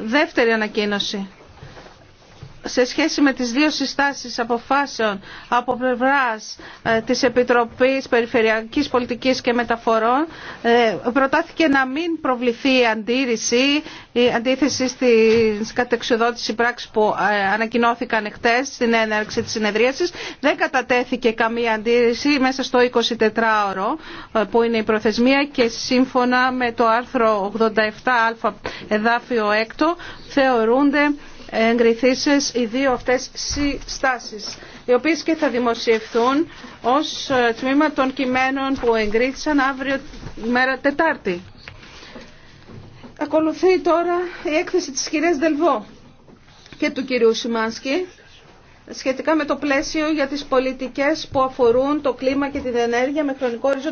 Δεύτερη ανακοίνωση σε σχέση με τις δύο συστάσεις αποφάσεων από πλευράς ε, της Επιτροπής Περιφερειακής Πολιτικής και Μεταφορών ε, προτάθηκε να μην προβληθεί η αντίρρηση, η αντίθεση στη κατεξοδότηση πράξη που ε, ανακοινώθηκαν εχθές στην έναρξη της συνεδρίασης. Δεν κατατέθηκε καμία αντίρρηση μέσα στο 24ωρο που είναι η προθεσμία και σύμφωνα με το άρθρο 87α εδάφιο 6 θεωρούνται εγκριθήσεις οι δύο αυτές συστάσεις, οι οποίες και θα δημοσιευθούν ως ε, τμήμα των κειμένων που εγκρίθησαν αύριο μέρα Τετάρτη. Ακολουθεί τώρα η έκθεση της κυρίας Δελβό και του κυρίου Σιμάνσκι σχετικά με το πλαίσιο για τις πολιτικές που αφορούν το κλίμα και την ενέργεια με χρονικό οριζόντα.